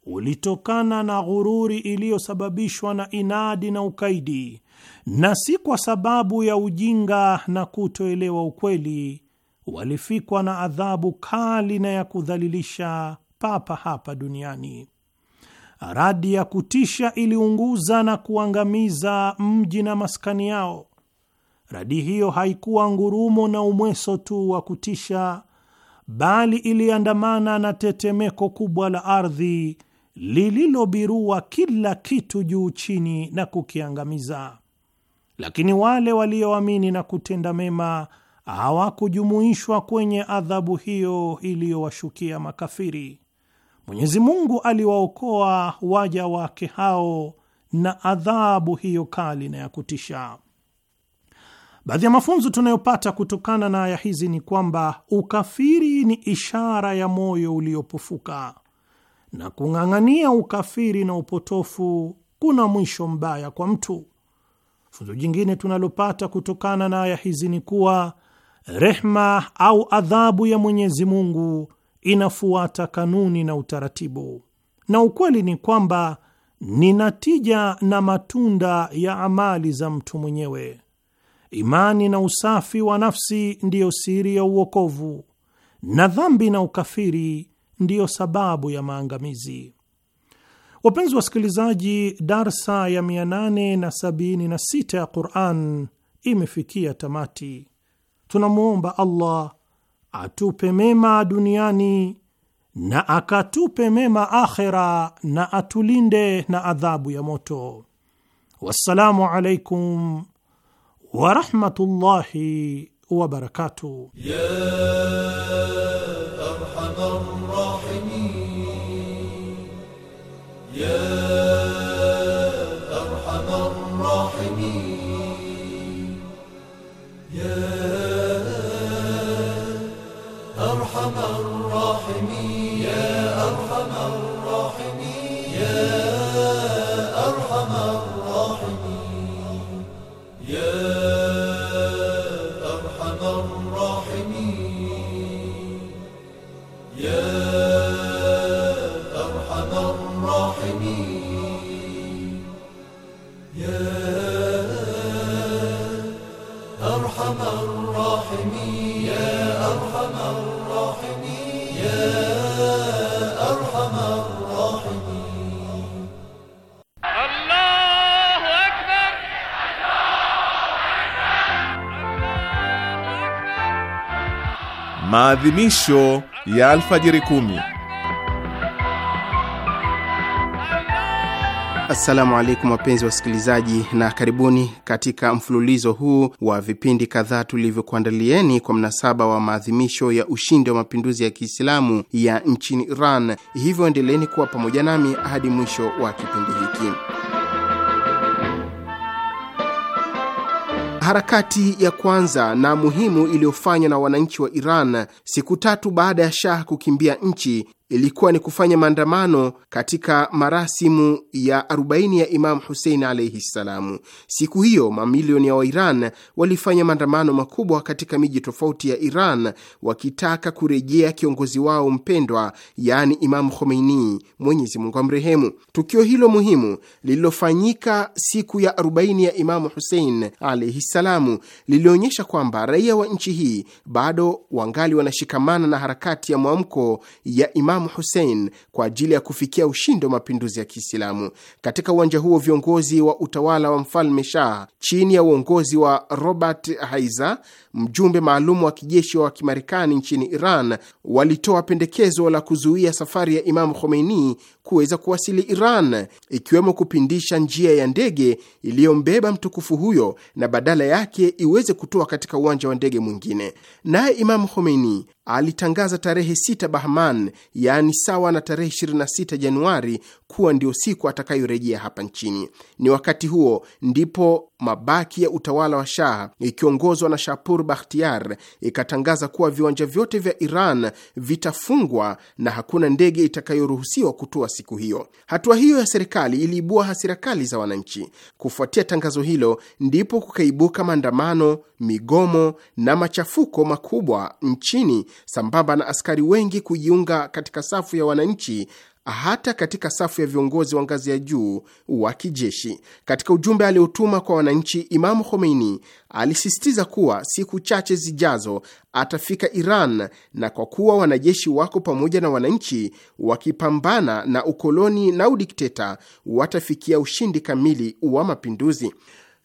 ulitokana na ghururi iliyosababishwa na inadi na ukaidi, na si kwa sababu ya ujinga na kutoelewa ukweli. Walifikwa na adhabu kali na ya kudhalilisha papa hapa duniani. Radi ya kutisha iliunguza na kuangamiza mji na maskani yao. Radi hiyo haikuwa ngurumo na umweso tu wa kutisha, bali iliandamana na tetemeko kubwa la ardhi lililobirua kila kitu juu chini na kukiangamiza. Lakini wale walioamini na kutenda mema hawakujumuishwa kwenye adhabu hiyo iliyowashukia makafiri. Mwenyezi Mungu aliwaokoa waja wake hao na adhabu hiyo kali na ya kutisha. Baadhi ya mafunzo tunayopata kutokana na aya hizi ni kwamba ukafiri ni ishara ya moyo uliopofuka na kung'ang'ania ukafiri na upotofu kuna mwisho mbaya kwa mtu. Funzo jingine tunalopata kutokana na aya hizi ni kuwa rehma au adhabu ya Mwenyezi Mungu inafuata kanuni na utaratibu, na ukweli ni kwamba ni natija na matunda ya amali za mtu mwenyewe. Imani na usafi wa nafsi ndiyo siri ya uokovu, na dhambi na ukafiri ndiyo sababu ya maangamizi. Wapenzi wasikilizaji, darsa ya 876 ya Quran imefikia tamati. Tunamwomba Allah atupe mema duniani na akatupe mema akhera na atulinde na adhabu ya moto. Wassalamu alaikum warahmatullahi wabarakatuh. Yeah. Maadhimisho ya alfajiri kumi. Assalamu alaikum wapenzi wasikilizaji, na karibuni katika mfululizo huu wa vipindi kadhaa tulivyokuandalieni kwa mnasaba wa maadhimisho ya ushindi wa mapinduzi ya Kiislamu ya nchini Iran. Hivyo endeleeni kuwa pamoja nami hadi mwisho wa kipindi hiki. Harakati ya kwanza na muhimu iliyofanywa na wananchi wa Iran siku tatu baada ya Shah kukimbia nchi ilikuwa ni kufanya maandamano katika marasimu ya 40 ya Imamu Husein alaihi ssalamu. Siku hiyo mamilioni ya Wairan walifanya maandamano makubwa katika miji tofauti ya Iran wakitaka kurejea kiongozi wao mpendwa, yaani Imamu Khomeini, Mwenyezi Mungu amrehemu. Tukio hilo muhimu lililofanyika siku ya 40 ya Imamu Husein alaihi ssalamu lilionyesha kwamba raia wa nchi hii bado wangali wanashikamana na harakati ya mwamko ya Imamu Hussein kwa ajili ya kufikia ushindi wa mapinduzi ya Kiislamu. Katika uwanja huo, viongozi wa utawala wa mfalme Shah chini ya uongozi wa Robert Haiza, mjumbe maalum wa kijeshi wa Kimarekani nchini Iran, walitoa pendekezo la kuzuia safari ya Imamu Khomeini kuweza kuwasili Iran, ikiwemo kupindisha njia ya ndege iliyombeba mtukufu huyo na badala yake iweze kutoa katika uwanja wa ndege mwingine. Naye Imamu Khomeini alitangaza tarehe 6 Bahman, yaani sawa na tarehe 26 Januari, kuwa ndio siku atakayorejea hapa nchini. Ni wakati huo ndipo mabaki ya utawala wa Shah ikiongozwa na Shapur Bakhtiar ikatangaza kuwa viwanja vyote vya Iran vitafungwa na hakuna ndege itakayoruhusiwa kutua siku hiyo. Hatua hiyo ya serikali iliibua hasira kali za wananchi. Kufuatia tangazo hilo, ndipo kukaibuka maandamano, migomo na machafuko makubwa nchini, sambamba na askari wengi kujiunga katika safu ya wananchi hata katika safu ya viongozi wa ngazi ya juu wa kijeshi. Katika ujumbe aliotuma kwa wananchi, Imamu Khomeini alisisitiza kuwa siku chache zijazo atafika Iran, na kwa kuwa wanajeshi wako pamoja na wananchi wakipambana na ukoloni na udikteta, watafikia ushindi kamili wa mapinduzi.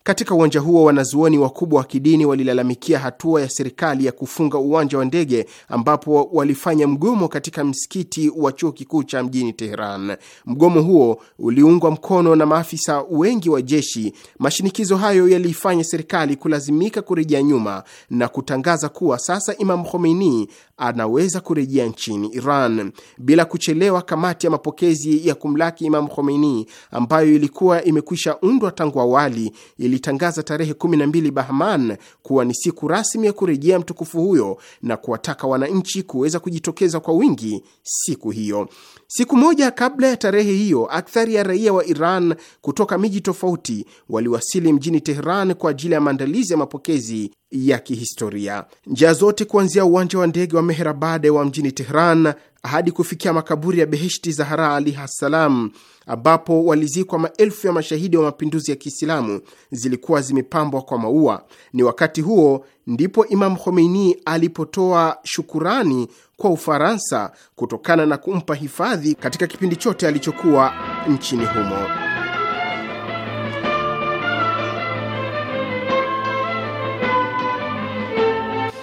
Katika uwanja huo wanazuoni wakubwa wa kidini walilalamikia hatua ya serikali ya kufunga uwanja wa ndege ambapo walifanya mgomo katika msikiti wa chuo kikuu cha mjini Teheran. Mgomo huo uliungwa mkono na maafisa wengi wa jeshi. Mashinikizo hayo yaliifanya serikali kulazimika kurejea nyuma na kutangaza kuwa sasa Imam Khomeini anaweza kurejea nchini Iran bila kuchelewa. Kamati ya mapokezi ya kumlaki Imam Khomeini ambayo ilikuwa imekwisha undwa tangu awali ili ilitangaza tarehe 12 Bahman kuwa ni siku rasmi ya kurejea mtukufu huyo na kuwataka wananchi kuweza kujitokeza kwa wingi siku hiyo. Siku moja kabla ya tarehe hiyo, akthari ya raia wa Iran kutoka miji tofauti waliwasili mjini teheran kwa ajili ya maandalizi ya mapokezi ya kihistoria. Njia zote kuanzia uwanja wa ndege wa Meherabade wa mjini Tehran hadi kufikia makaburi ya Beheshti Zahara alaihi ssalam, ambapo walizikwa maelfu ya mashahidi wa mapinduzi ya Kiislamu, zilikuwa zimepambwa kwa maua. Ni wakati huo ndipo Imam Khomeini alipotoa shukurani kwa Ufaransa kutokana na kumpa hifadhi katika kipindi chote alichokuwa nchini humo.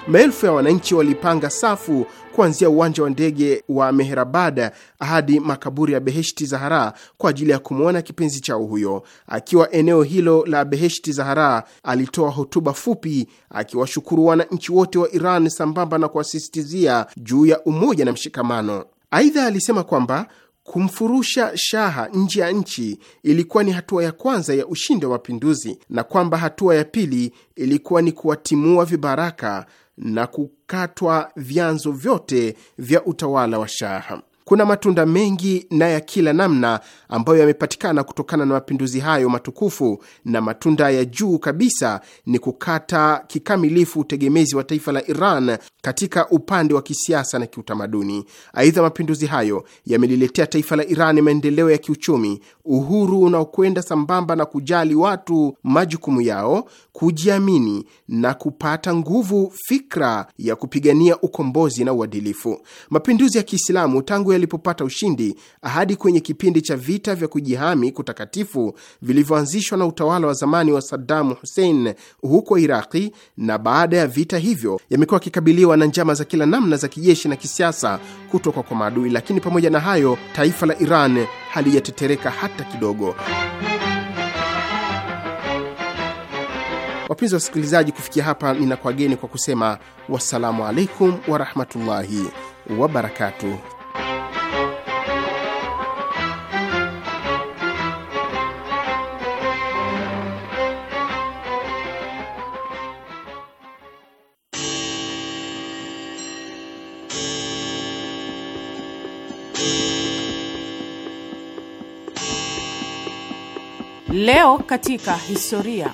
maelfu ya wananchi walipanga safu kuanzia uwanja wa ndege wa Meherabad hadi makaburi ya Beheshti Zahara kwa ajili ya kumwona kipenzi chao huyo. Akiwa eneo hilo la Beheshti Zahara, alitoa hotuba fupi akiwashukuru wananchi wote wa Iran sambamba na kuwasisitizia juu ya umoja na mshikamano. Aidha alisema kwamba kumfurusha shaha nje ya nchi ilikuwa ni hatua ya kwanza ya ushindi wa mapinduzi na kwamba hatua ya pili ilikuwa ni kuwatimua vibaraka na kukatwa vyanzo vyote vya utawala wa shaha kuna matunda mengi na ya kila namna ambayo yamepatikana kutokana na mapinduzi hayo matukufu, na matunda ya juu kabisa ni kukata kikamilifu utegemezi wa taifa la Iran katika upande wa kisiasa na kiutamaduni. Aidha, mapinduzi hayo yameliletea taifa la Iran maendeleo ya kiuchumi, uhuru unaokwenda sambamba na kujali watu majukumu yao, kujiamini na kupata nguvu fikra ya kupigania ukombozi na uadilifu. Mapinduzi ya Kiislamu tangu yalipopata ushindi hadi kwenye kipindi cha vita vya kujihami kutakatifu vilivyoanzishwa na utawala wa zamani wa sadamu Hussein huko Iraqi, na baada ya vita hivyo yamekuwa yakikabiliwa na njama za kila namna za kijeshi na kisiasa kutoka kwa maadui, lakini pamoja na hayo taifa la Iran halijatetereka hata kidogo. Wapenzi wa wasikilizaji, kufikia hapa ninakwageni kwa kusema wassalamu alaikum warahmatullahi wabarakatuh. Leo katika historia.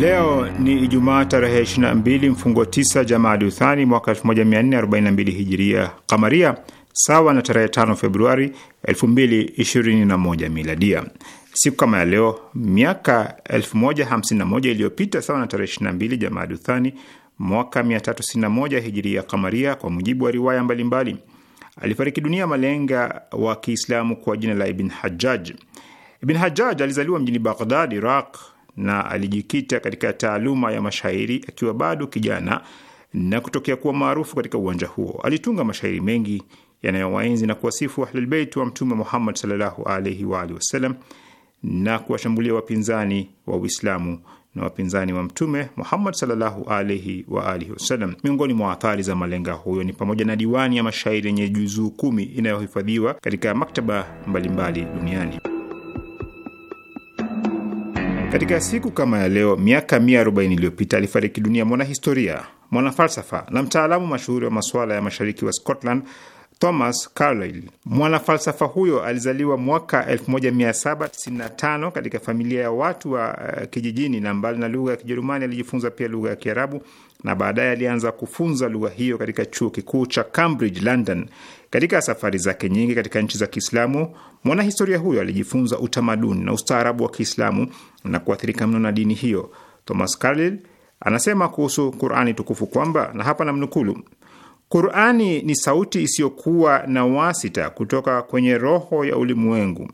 Leo ni Ijumaa tarehe 22 mfungo 9 Jamadi Uthani mwaka 1442 Hijiria Kamaria, sawa na tarehe 5 Februari 2021 Miladia. Siku kama ya leo miaka 1051 iliyopita, sawa na tarehe 22 Jamadi Uthani mwaka 361 hijiria kamaria, kwa mujibu wa riwaya mbalimbali mbali. Alifariki dunia malenga wa Kiislamu kwa jina la Ibn Hajjaj. Ibn Hajjaj alizaliwa mjini Baghdad, Iraq, na alijikita katika taaluma ya mashairi akiwa bado kijana na kutokea kuwa maarufu katika uwanja huo. Alitunga mashairi mengi yanayowaenzi na kuwasifu Ahlulbeit wa Mtume Muhammad sallallahu alaihi wa alihi wasallam na kuwashambulia wapinzani wa Uislamu na wapinzani wa Mtume Muhammad sallallahu alihi wa alihi wasallam. Miongoni mwa athari za malenga huyo ni pamoja na diwani ya mashairi yenye juzuu kumi inayohifadhiwa katika maktaba mbalimbali duniani. Katika siku kama ya leo miaka 140 iliyopita alifariki dunia mwanahistoria, mwanafalsafa na mtaalamu mashuhuri wa masuala ya mashariki wa Scotland Thomas Carlyle. Mwanafalsafa huyo alizaliwa mwaka 1795 katika familia ya watu wa eh, kijijini, na mbali na lugha ya Kijerumani alijifunza pia lugha ya Kiarabu na baadaye alianza kufunza lugha hiyo katika chuo kikuu cha Cambridge, London. Katika safari zake nyingi katika nchi za Kiislamu, mwanahistoria huyo alijifunza utamaduni na ustaarabu wa Kiislamu na kuathirika mno na dini hiyo. Thomas Carlyle anasema kuhusu Qur'ani tukufu kwamba, na hapa namnukulu Qurani ni sauti isiyokuwa na wasita kutoka kwenye roho ya ulimwengu,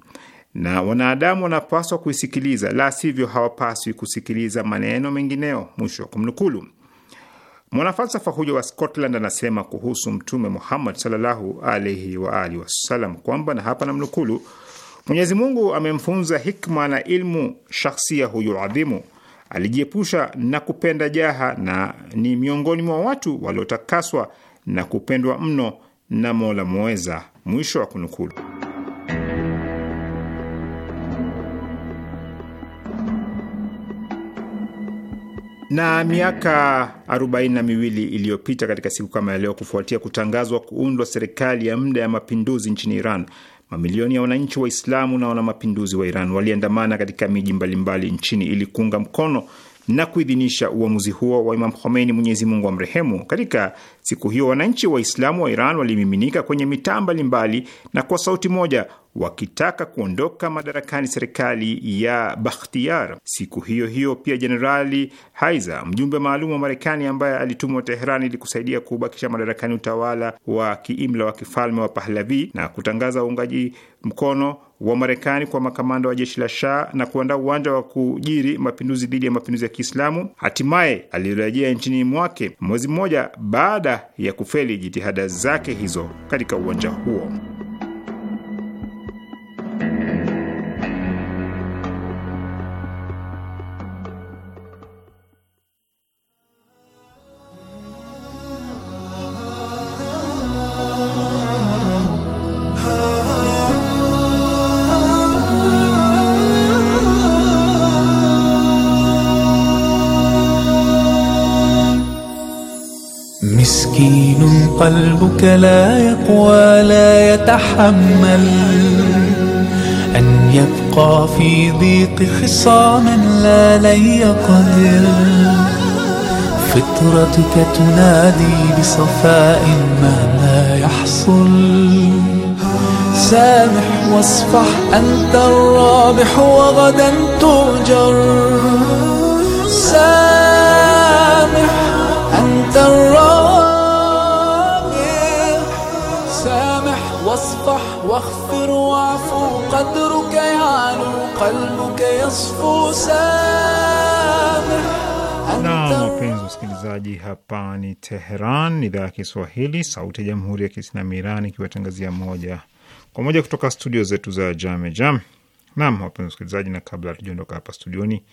na wanadamu wanapaswa kuisikiliza, la sivyo hawapaswi kusikiliza maneno mengineo. Mwisho wa kumnukulu. Mwanafalsafa huyo wa Scotland anasema kuhusu Mtume Muhammad sallallahu alaihi wa alihi wasallam kwamba, na hapa namnukulu, Mwenyezi Mungu amemfunza hikma na ilmu shakhsia huyo adhimu. Alijiepusha na kupenda jaha na ni miongoni mwa watu waliotakaswa na kupendwa mno na Mola Muweza. Mwisho wa kunukulu. Na miaka arobaini na miwili iliyopita katika siku kama ya leo, kufuatia kutangazwa kuundwa serikali ya muda ya mapinduzi nchini Iran, mamilioni ya wananchi Waislamu na wanamapinduzi wa Iran waliandamana katika miji mbalimbali nchini ili kuunga mkono na kuidhinisha uamuzi huo wa Imam Khomeini, Mwenyezi Mungu amrehemu. Katika siku hiyo wananchi Waislamu wa Iran walimiminika kwenye mitaa mbalimbali na kwa sauti moja wakitaka kuondoka madarakani serikali ya Bakhtiar. Siku hiyo hiyo pia, Jenerali Haiza, mjumbe maalum wa Marekani ambaye alitumwa Teherani ili kusaidia kubakisha madarakani utawala wa kiimla wa kifalme wa Pahlavi na kutangaza uungaji mkono wa Marekani kwa makamanda wa jeshi la Shah na kuandaa uwanja wa kujiri mapinduzi dhidi ya mapinduzi ya Kiislamu, hatimaye alirejea nchini mwake mwezi mmoja baada ya kufeli jitihada zake hizo katika uwanja huo. لا يقوى لا يتحمل أن يبقى في ضيق خصام لا لن يقدر فطرتك تنادي بصفاء مهما يحصل سامح واصفح أنت الرابح وغدا تؤجر سامح أنت الرابح واغفر واعفو قدرك يعلو قلبك يصفو سامح na wapenzi wasikilizaji, hapa ni Teheran, idhaa ya Kiswahili, sauti ya jamhuri ya kiislamu Iran, ikiwatangazia moja kwa moja kutoka studio zetu za Jame Jam. Naam, wapenzi wasikilizaji, na kabla hatujaondoka hapa studioni,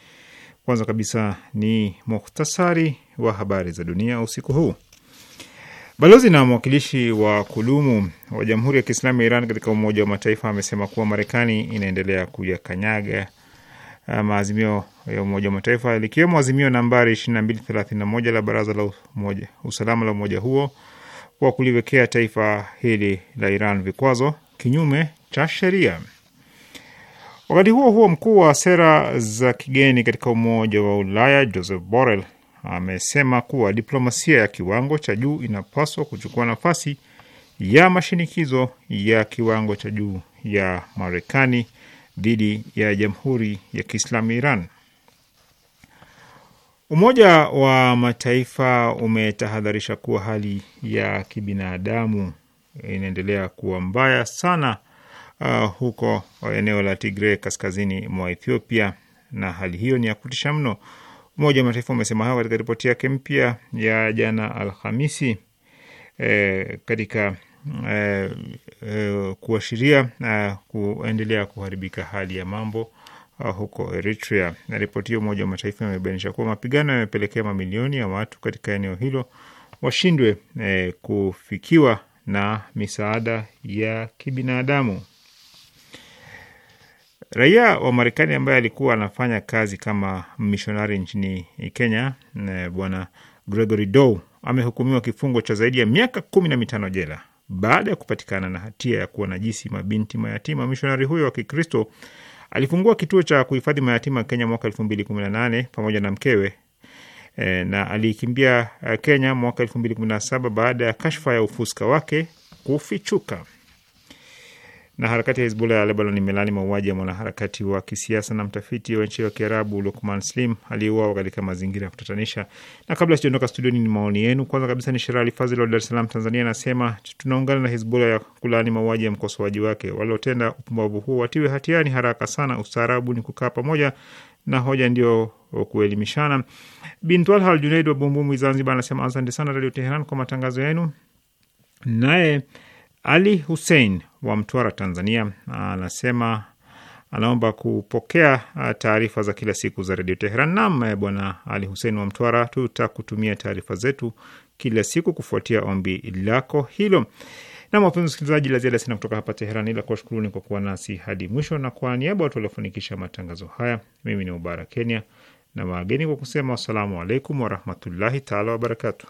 kwanza kabisa ni muhtasari wa habari za dunia usiku huu. Balozi na mwakilishi wa kudumu wa Jamhuri ya Kiislamu ya Iran katika Umoja wa Mataifa amesema kuwa Marekani inaendelea kuyakanyaga uh, maazimio ya Umoja wa Mataifa likiwemo azimio nambari 2231 la Baraza la umoja, Usalama la umoja huo kwa kuliwekea taifa hili la Iran vikwazo kinyume cha sheria. Wakati huo huo, mkuu wa sera za kigeni katika Umoja wa Ulaya Joseph Borrell amesema kuwa diplomasia ya kiwango cha juu inapaswa kuchukua nafasi ya mashinikizo ya kiwango cha juu ya Marekani dhidi ya Jamhuri ya Kiislamu Iran. Umoja wa Mataifa umetahadharisha kuwa hali ya kibinadamu inaendelea kuwa mbaya sana uh, huko eneo la tigre kaskazini mwa Ethiopia, na hali hiyo ni ya kutisha mno. Umoja wa Mataifa umesema hayo katika ripoti yake mpya ya jana Alhamisi e, katika e, e, kuashiria e, kuendelea kuharibika hali ya mambo huko Eritrea. Na ripoti hiyo Umoja wa Mataifa imebainisha kuwa mapigano yamepelekea mamilioni ya watu katika eneo hilo washindwe e, kufikiwa na misaada ya kibinadamu. Raia wa Marekani ambaye alikuwa anafanya kazi kama mishonari nchini Kenya, eh, Bwana Gregory Dow amehukumiwa kifungo cha zaidi ya miaka kumi na mitano jela baada ya kupatikana na hatia ya kuwa najisi mabinti mayatima. Mishonari huyo wa Kikristo alifungua kituo cha kuhifadhi mayatima Kenya mwaka elfu mbili kumi na nane pamoja na mkewe e, na aliikimbia eh, Kenya mwaka elfu mbili kumi na saba baada ya kashfa ya ufuska wake kufichuka na harakati ya Hizbullah ya Lebanon imelani mauaji ya mwanaharakati wa kisiasa na mtafiti wa nchi ya Kiarabu Lukman Slim aliyeuawa katika mazingira ya kutatanisha. Na kabla sijaondoka studioni, ni maoni yenu. Kwanza kabisa ni Sherali Fazil wa Dar es Salaam, Tanzania, anasema tunaungana na Hizbullah ya kulani mauaji ya mkosoaji wake. Waliotenda upumbavu huo watiwe hatiani haraka sana. Ustaarabu ni kukaa pamoja na hoja ndio kuelimishana. Bintwal Hal Junaid wa Bumbumu, Zanzibar, anasema asante sana Radio Teheran kwa matangazo yenu. Naye eh, ali Hussein wa Mtwara, Tanzania, anasema anaomba kupokea uh, taarifa za kila siku za redio Teheran. Nam, eh, bwana Ali Hussein wa Mtwara, tutakutumia taarifa zetu kila siku kufuatia ombi lako hilo. Nam, wapenzi wasikilizaji, la ziada sina kutoka hapa Teheran ila kuwashukuruni kwa kuwa nasi hadi mwisho, na kwa niaba watu waliofanikisha matangazo haya, mimi ni Mubarak Kenya na wageni kwa kusema wassalamu alaikum warahmatullahi taala wabarakatuh.